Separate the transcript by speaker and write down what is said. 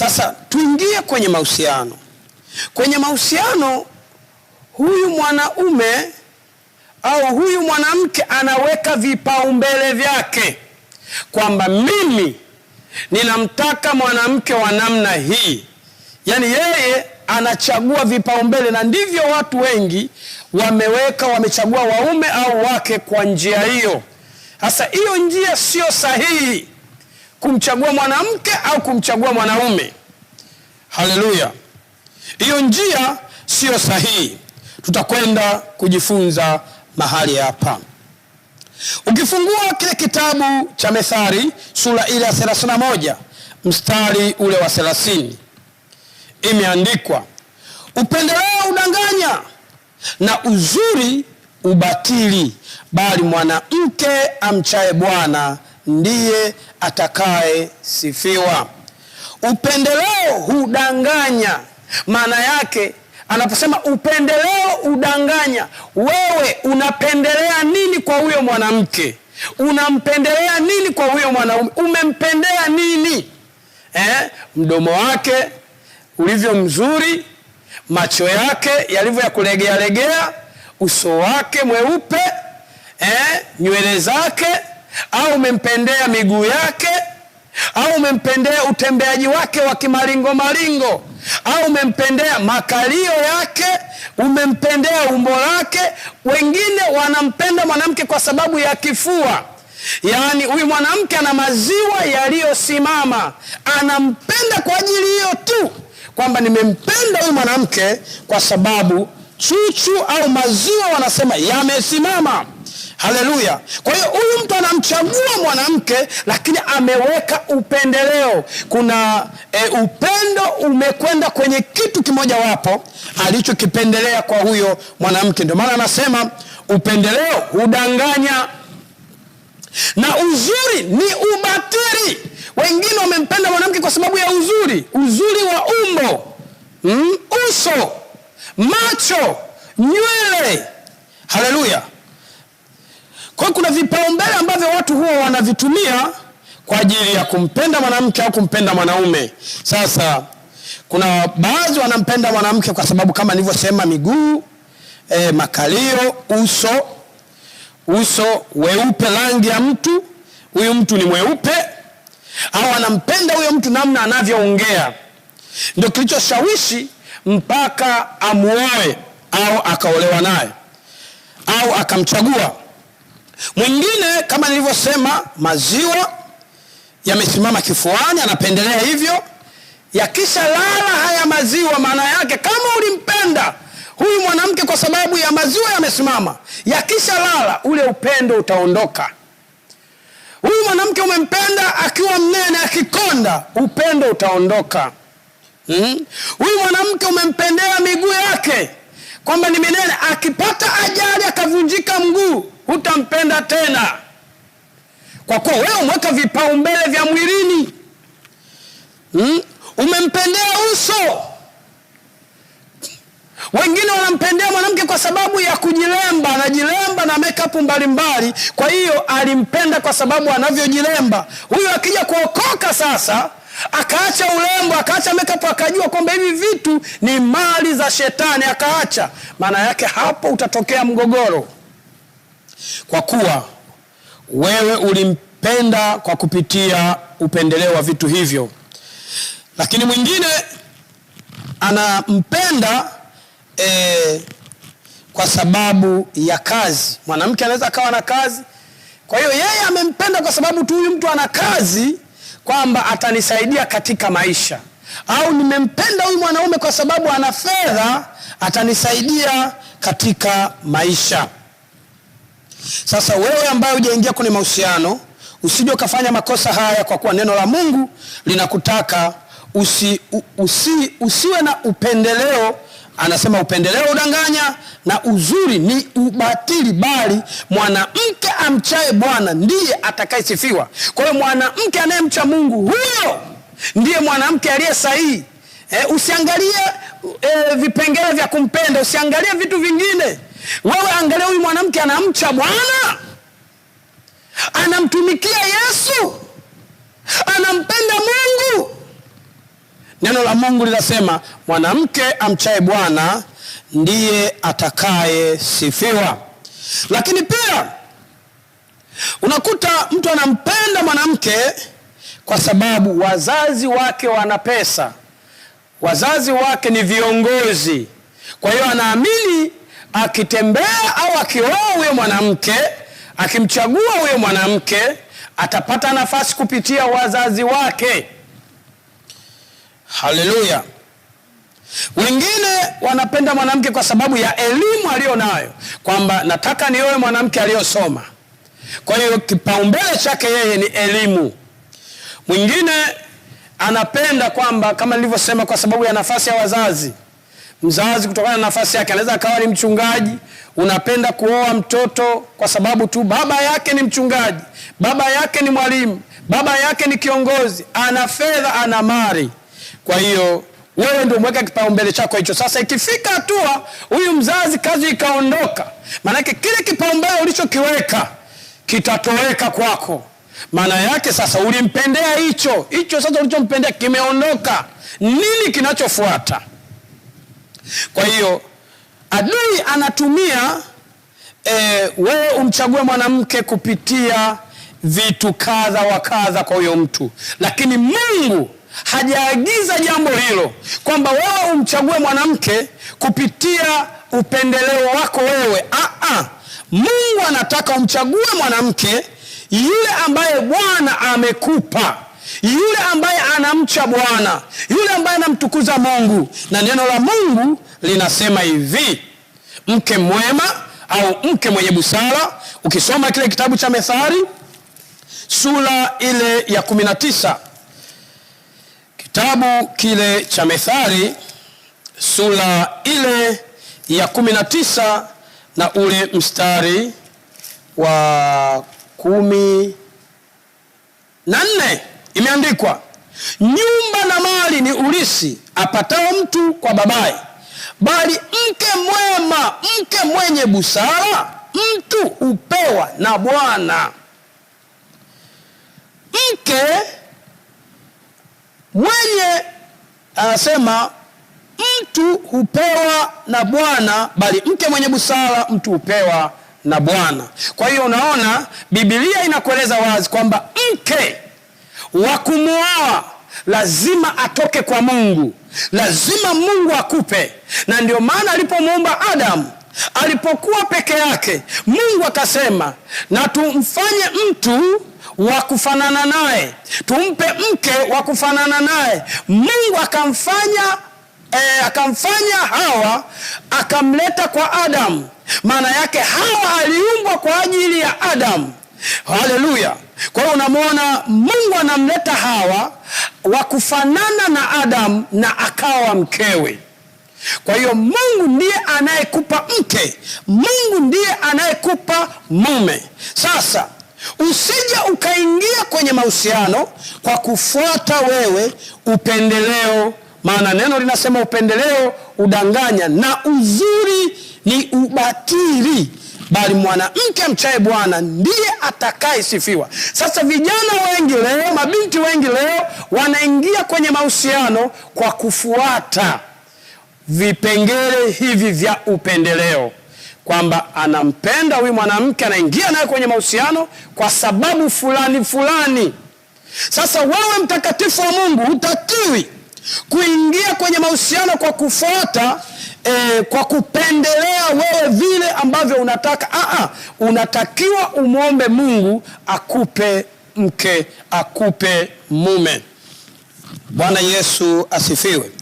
Speaker 1: Sasa tuingie kwenye mahusiano. Kwenye mahusiano, huyu mwanaume au huyu mwanamke anaweka vipaumbele vyake kwamba mimi ninamtaka mwanamke wa namna hii, yaani yeye anachagua vipaumbele, na ndivyo watu wengi wameweka, wamechagua waume au wake kwa njia hiyo. Sasa hiyo njia siyo sahihi kumchagua mwanamke au kumchagua mwanaume. Haleluya! Hiyo njia siyo sahihi. Tutakwenda kujifunza mahali hapa. Ukifungua kile kitabu cha methari sura ile ya 31 mstari ule wa thelathini imeandikwa upendeleo udanganya na uzuri ubatili, bali mwanamke amchaye Bwana ndiye atakayesifiwa. Upendeleo hudanganya. Maana yake anaposema upendeleo hudanganya, wewe unapendelea nini kwa huyo mwanamke? Unampendelea nini kwa huyo mwanaume? Umempendea nini? Eh, mdomo wake ulivyo mzuri, macho yake yalivyo ya kulegea legea, uso wake mweupe, eh, nywele zake au umempendea miguu yake au umempendea utembeaji wake wa kimaringo maringo, au umempendea makalio yake, umempendea umbo lake. Wengine wanampenda mwanamke kwa sababu ya kifua, yaani huyu mwanamke ana maziwa yaliyosimama, anampenda kwa ajili hiyo tu, kwamba nimempenda huyu mwanamke kwa sababu chuchu au maziwa, wanasema yamesimama. Haleluya! Kwa hiyo huyu mtu anamchagua mwanamke, lakini ameweka upendeleo. Kuna e, upendo umekwenda kwenye kitu kimojawapo alichokipendelea kwa huyo mwanamke. Ndio maana anasema upendeleo hudanganya na uzuri ni ubatili. Wengine wamempenda mwanamke kwa sababu ya uzuri, uzuri wa umbo, mm, uso, macho, nywele. Haleluya! Kwa kuna vipaumbele ambavyo watu huwa wanavitumia kwa ajili ya kumpenda mwanamke au kumpenda mwanaume. Sasa kuna baadhi wanampenda mwanamke kwa sababu kama nilivyosema, miguu e, makalio, uso, uso weupe, rangi ya mtu huyu, mtu ni mweupe, au anampenda huyo mtu namna anavyoongea, ndio kilichoshawishi mpaka amuoe au akaolewa naye au akamchagua. Mwingine kama nilivyosema, maziwa yamesimama kifuani, anapendelea hivyo. Yakisha lala haya maziwa, maana yake kama ulimpenda huyu mwanamke kwa sababu ya maziwa yamesimama, yakisha lala ule upendo utaondoka. Huyu mwanamke umempenda akiwa mnene, akikonda, upendo utaondoka. Hmm? Huyu hmm? mwanamke umempendea miguu yake kwamba nimenena, akipata ajali akavunjika mguu, hutampenda tena, kwa kuwa wewe umeweka vipaumbele vya mwilini hmm? Umempendea uso, wengine wanampendea mwanamke kwa sababu ya kujilemba, anajilemba na mekapu mbalimbali. Kwa hiyo alimpenda kwa sababu anavyojilemba. Huyu akija kuokoka sasa akaacha urembo, akaacha makeup, akajua kwamba hivi vitu ni mali za shetani, akaacha. Maana yake hapo utatokea mgogoro, kwa kuwa wewe ulimpenda kwa kupitia upendeleo wa vitu hivyo, lakini mwingine anampenda e, kwa sababu ya kazi. Mwanamke anaweza akawa na kazi, kwa hiyo yeye amempenda kwa sababu tu huyu mtu ana kazi kwamba atanisaidia katika maisha, au nimempenda huyu mwanaume kwa sababu ana fedha, atanisaidia katika maisha. Sasa wewe ambaye hujaingia kwenye mahusiano, usije ukafanya makosa haya, kwa kuwa neno la Mungu linakutaka usi, usi, usiwe na upendeleo anasema upendeleo udanganya na uzuri ni ubatili, bali mwanamke amchaye Bwana ndiye atakayesifiwa. Kwa hiyo mwanamke anayemcha Mungu huyo ndiye mwanamke aliye sahihi. E, usiangalie e, vipengele vya kumpenda, usiangalie vitu vingine. Wewe angalia huyu mwanamke anamcha Bwana, anamtumikia Yesu Neno la Mungu linasema mwanamke amchaye Bwana ndiye atakayesifiwa. Lakini pia unakuta mtu anampenda mwanamke kwa sababu wazazi wake wana pesa, wazazi wake ni viongozi. Kwa hiyo anaamini akitembea au akioa huyo mwanamke, akimchagua huyo mwanamke, atapata nafasi kupitia wazazi wake. Haleluya. Wengine wanapenda mwanamke kwa sababu ya elimu aliyonayo, kwamba nataka nioe mwanamke aliyosoma. Kwa hiyo kipaumbele chake yeye ni elimu. Mwingine anapenda kwamba, kama nilivyosema, kwa sababu ya nafasi ya wazazi. Mzazi kutokana na nafasi yake anaweza akawa ni mchungaji, unapenda kuoa mtoto kwa sababu tu baba yake ni mchungaji, baba yake ni mwalimu, baba yake ni kiongozi, ana fedha, ana mali kwa hiyo wewe ndio umeweka kipaumbele chako hicho. Sasa ikifika hatua huyu mzazi kazi ikaondoka, maanake kile kipaumbele ulichokiweka kitatoweka kwako. Maana yake sasa ulimpendea hicho hicho, sasa ulichompendea kimeondoka, nini kinachofuata? Kwa hiyo adui anatumia e, wewe umchague mwanamke kupitia vitu kadha wa kadha kwa huyo mtu, lakini Mungu hajaagiza jambo hilo kwamba wewe umchague mwanamke kupitia upendeleo wako wewe. Aa, ah, ah. Mungu anataka umchague mwanamke yule ambaye Bwana amekupa, yule ambaye anamcha Bwana, yule ambaye anamtukuza Mungu. Na neno la Mungu linasema hivi, mke mwema au mke mwenye busara, ukisoma kile kitabu cha methari sura ile ya kumi na tisa Kitabu kile cha Methali sura ile ya 19 na tisa na ule mstari wa kumi na nne imeandikwa, nyumba na mali ni urisi apatao mtu kwa babaye, bali mke mwema, mke mwenye busara mtu hupewa na Bwana. Mke mwenye anasema uh, mtu hupewa na Bwana, bali mke mwenye busara mtu hupewa na Bwana. Kwa hiyo unaona, Biblia inakueleza wazi kwamba mke wa kumwoa lazima atoke kwa Mungu, lazima Mungu akupe, na ndio maana alipomuumba Adamu Alipokuwa peke yake, Mungu akasema, na tumfanye mtu wa kufanana naye, tumpe mke wa kufanana naye. Mungu akamfanya E, akamfanya Hawa akamleta kwa Adamu. Maana yake Hawa aliumbwa kwa ajili ya Adamu. Haleluya! Kwa hiyo unamwona Mungu anamleta Hawa wa kufanana na Adamu na akawa mkewe. Kwa hiyo Mungu ndiye anayekupa mke, Mungu ndiye anayekupa mume. Sasa usije ukaingia kwenye mahusiano kwa kufuata wewe upendeleo, maana neno linasema upendeleo udanganya na uzuri ni ubatili, bali mwanamke amchaye Bwana ndiye atakayesifiwa. Sasa vijana wengi leo, mabinti wengi leo wanaingia kwenye mahusiano kwa kufuata vipengele hivi vya upendeleo kwamba anampenda huyu mwanamke, anaingia naye kwenye mahusiano kwa sababu fulani fulani. Sasa wewe mtakatifu wa Mungu hutakiwi kuingia kwenye mahusiano kwa kufuata eh, kwa kupendelea wewe vile ambavyo unataka. Aa, unatakiwa umwombe Mungu akupe mke, akupe mume. Bwana Yesu asifiwe.